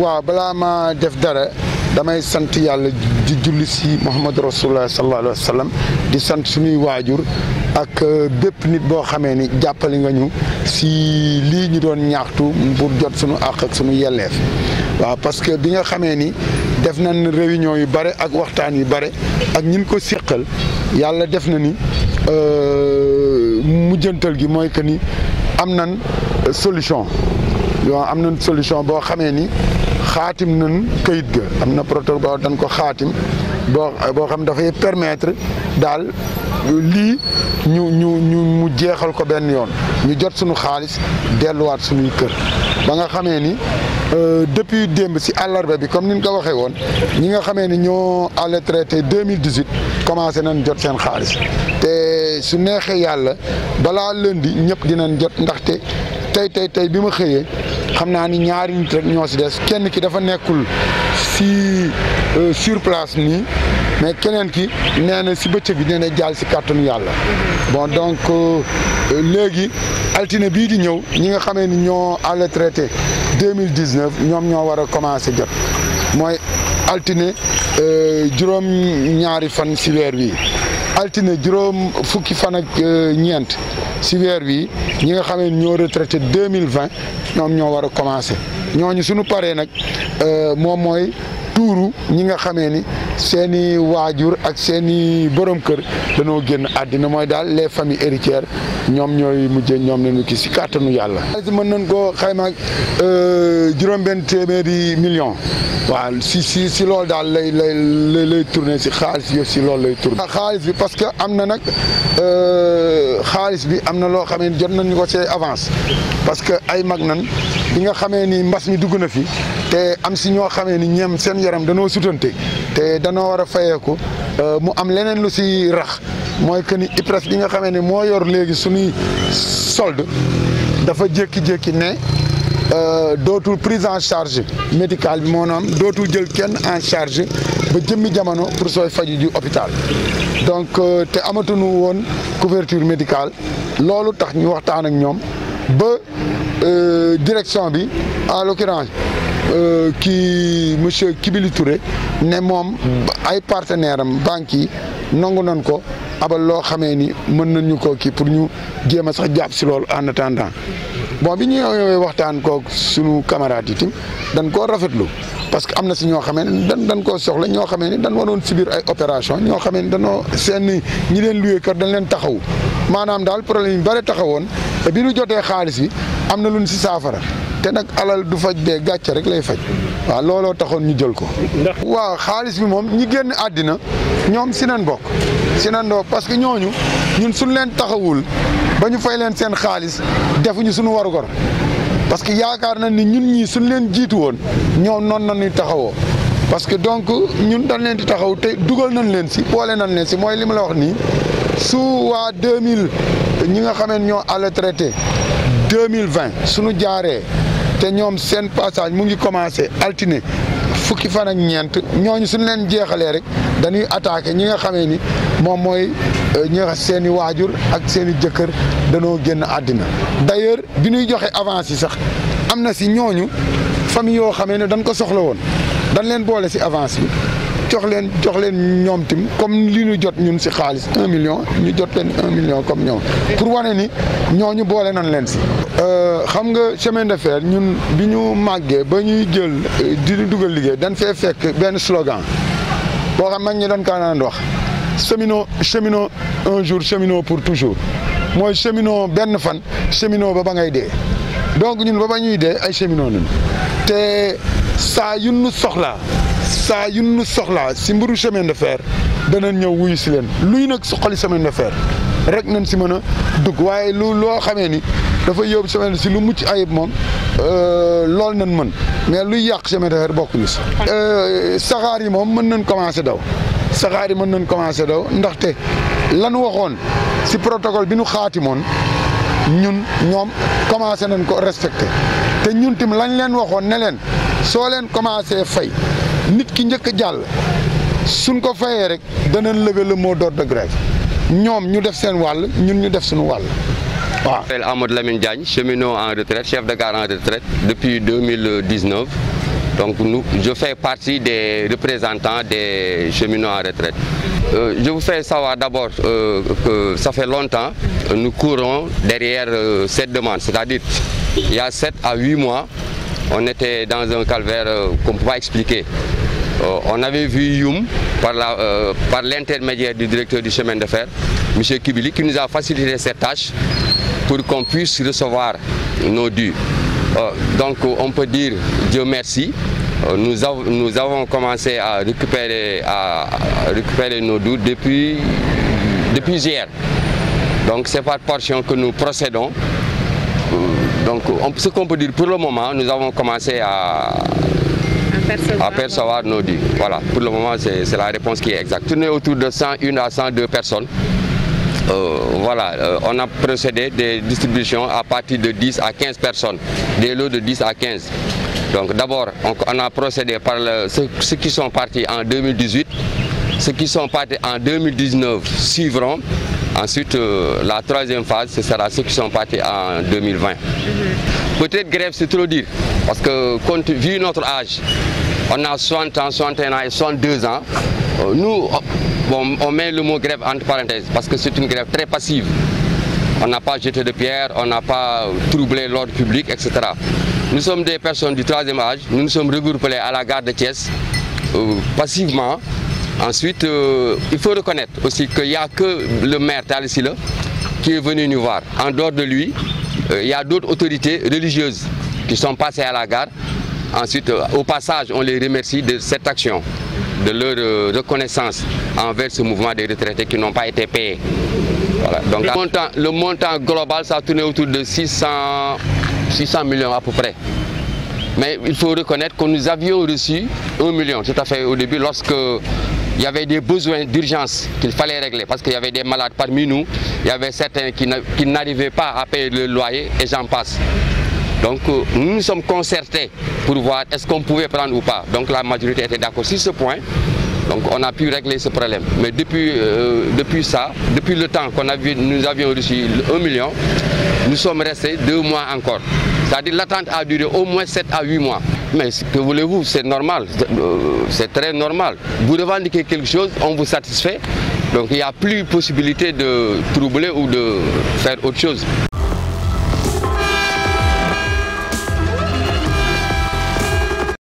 waaw balaa ma def dara damay sant yàlla di julli si Muhammad rasulullah sallallahu alayhi wa sallam di sant suñuy waajur ak euh, bépp nit boo xamee ni jàppale nga ñu si lii ñu doon ñaaxtu pour jot suñu àq ak suñu yelleef waaw parce que bi nga xamee ni def nañ réunion yu bare ak waxtaan yu bare ak ñin ko séqal yàlla def na ni euh, mujjantal gi mooy que ni am na solution yoo am nañ solution boo xamee ni xaatim nun kayit ga am na protocole dañ ko xaatim boo boo xam dafay permettre daal lii ñu ñu ñu mu jeexal ko benn yoon ñu jot suñu xaalis delluwaat suñuy kër ba nga xamee ni euh, depuis démb si àllarba bi comme ni ñu ko waxee woon ñi nga xamee ni ñoo àll traité 2018 commencé nañ jot seen xaalis te su neexee yàlla balaa lundi ñëpp nan jot ndaxte tey tey tey bi ma xëyee xam naa ni ñaari nit rek ñoo si des kenn ki dafa nekkul si euh, sur place nii mais keneen ki nee si bëccëg bi nee na jàll si kàttanu yàlla bon donc euh, léegi altine bii di ñëw ñi nga xamee ni ñoo à la traité 2019 ñoom ñoo war a commencé jot mooy altine euh, juróom ñaari fan si weer wii altine juróom fukki fan ak euh, ñeent si weer wi ñi nga xamee ñoo retraité deux mille vingt ñoom ñoo war a commencé ñooñu sunu paree nag euh, moom mooy tuuru ñi nga xamee ni seen i waajur ak seen i borom kër dañoo génn àddina mooy daal les famille héritières ñoom ñooy mujje ñoom lañu kii si kàttanu yàlla. mën nañ koo xayma ak euh, juróom-benn téeméeri millions waaw si si si loolu daal lay lay lay si xaalis yëpp loolu lay tourné. xaalis bi parce que am na nag euh, xaalis bi am na loo xam ne jot nañu ko see avance parce que ay mag nan bi nga xamee ni mbas mi dugg na fi te am si ñoo xamee ni ñoom seen yaram danoo sutante te danoo war a fayeeku euh, mu am leneen lu si rax mooy que ni IPRES bi nga xamee ni moo yor léegi suñuy solde dafa jékki-jékki ne euh, dootul prise en charge médical bi moo naam dootul jël kenn en charge ba jëmmi jamono pour sooy faju ji hôpital donc euh, te amatuñu woon couverture médical loolu tax ñu waxtaan ak ñoom Euh, direction bi en l'occurrence euh, kii monsieur Kibili Touré ne moom ay partenaire am banques yi nangu nañ ko abal loo xamee ni mën nañu ko kii pour ñu jéem a sax jàpp si loolu en attendant bon bi ñu waxtaan kook suñu camarades yi tim dañ koo rafetlu parce que am na si ñoo xamee ne dan dañ koo soxla ñoo xamee ni dañ waroon subir ay opération ñoo xamee ni dañoo seen ñi leen luye kër dañ leen taxaw maanaam daal problème yi bari taxawoon te bi ñu jotee xaalis bi am na lu ñu si saafara te nag alal du faj dee gàcce rek lay faj waaw looloo taxoon ñu jël ko. waaw xaalis bi moom ñi génn àddina ñoom si nañ bokk si nañ bokk parce que ñooñu ñun suñ leen taxawul ba ñu fay leen seen xaalis defuñu suñu warugar parce que yaakaar nañ ni ñun ñii suñ leen jiitu woon ñoom noonu nañuy taxawoo. parce que donc ñun dañ leen di taxaw te dugal nañ leen si boole nañ leen si mooy li ma la wax nii su waa 2000 ñi nga xamee ñoo à traité 2020 suñu jaaree te ñoom seen passage mu ngi commencé altine fukki fan ñeent ñooñu suñu leen jeexalee rek dañuy attaqué ñi nga xamee ni moom mooy euh, ñi nga seen i waajur ak seen i jëkkër danoo génn àddina d'ailleurs bi ñuy joxe avance yi sax am na si ñooñu famille yoo xamee ne dañ ko soxla woon dañ leen boole si avance bi jox leen jox leen ñoom tim comme li ñu jot ñun si xaalis un million ñu jot leen un million comme ñoom pour wane ni ñu boole nañ leen si. Euh, xam nga semaine de fer ñun bi ñu màggee ba ñuy jël euh, di dugal liggéey dan fee fekk benn slogan boo xam nañ ñi doon kaa wax cheminot cheminot un jour cheminot pour toujours mooy cheminot benn fan cheminot ba ba ngay dee donc ñun ba ba ñuy dee ay cheminot ñun te saa yu nu soxlaa. saa yu nu soxlaa si mburu chemin de fer danañ ñëw wuyu si leen luy nag suqali chemin de fer rek nañ si mën a dugg waaye lu loo xamee ni dafa yóbbu chemin si lu mucc ayib moom euh, loolu nañ mën mais luy yàq chemin de fer bokkuñu si. Euh, saxaar yi moom mën nañ commencé daw saxaar yi mën nañ commencé daw ndaxte lan waxoon si protocole bi nu xaatimoon ñun ñoom commencé nañ ko respecté te ñun tim lañ leen waxoon ne leen soo leen commencé fay. nit ki njëkk a jàll suñ ko fayee rek danañ lever le mot d'ordre de grève ñoom ñu def seen wàll ñun ñu def suñu wàll waaw. je Amadou Lamine Diagne cheminot en retraite chef de gare en retraite depuis 2019 donc nous je fais partie des représentants des cheminots en retraite. Euh, je vous fais savoir d'abord euh, que ça fait longtemps que euh, nous courons derrière euh, cette demande, c'est-à-dire il y a 7 à 8 mois, on était dans un calvaire euh, qu'on peut pas expliquer. Euh, on avait vu Youm euh, par l'intermédiaire du directeur du chemin de fer, monsieur Kibili, qui nous a facilité cette tâche pour qu'on puisse recevoir nos dus. Euh, donc on peut dire Dieu merci. Nous, avons commencé à récupérer, à récupérer nos doutes depuis, depuis Donc c'est par portion que nous procédons. Donc ce qu'on peut dire pour le moment, nous avons commencé apercevoir, apercevoir nos dits. Voilà, pour le moment, c'est la réponse qui est exacte. Tourner autour de 101 à 102 personnes. Euh, euh, à partir de 10 à 15 personnes, des lots de 10 à 15. Donc d'abord, on, on, a procédé par le, ceux, ceux qui sont partis en 2018, ceux qui sont partis en 2019 suivront Ensuite, euh, la troisième phase, ce sera ceux qui sont partis en 2020. Mmh. Peut-être grève, c'est trop dire, parce que compte, vu notre âge, on a 60 ans, 61 ans et 62 ans. Euh, nous, on, on met le mot grève entre parenthèses parce que c'est une grève très passive. On n'a pas jeté de pierre, on n'a pas troublé l'ordre public, etc. Nous sommes des personnes du troisième âge, nous nous sommes regroupés à la gare de Thiès euh, passivement. Ensuite, euh, il faut reconnaître aussi qu'il n'y a que le maire Talisila qui est venu nous voir. En dehors de lui, euh, il y a d'autres autorités religieuses qui sont passées à la gare Ensuite, euh, au passage, on les remercie de cette action, de leur euh, reconnaissance envers ce mouvement des retraités qui n'ont pas été payés. Voilà. Donc, le, montant, le montant global, ça tournait autour de 600, 600 millions à peu près. Mais il faut reconnaître que nous avions reçu 1 million, tout à fait au début, lorsque il y avait des besoins d'urgence qu'il fallait régler parce qu'il y avait des malades parmi nous, il y avait certains qui n'arrivaient pas à payer le loyer et j'en passe. Donc nous nous sommes concertés pour voir est-ce qu'on pouvait prendre ou pas. Donc la majorité était d'accord sur ce point. Donc on a pu régler ce problème. Mais depuis, euh, depuis ça, depuis le temps qu'on nous avions reçu 1 million, nous sommes restés deux mois encore. C'est-à-dire l'attente a duré au moins 7 à 8 mois. Mais ce que voulez c'est normal, euh, c'est très normal. Vous revendiquez quelque chose, on vous satisfait. Donc il n'y a plus possibilité de troubler ou de faire autre chose.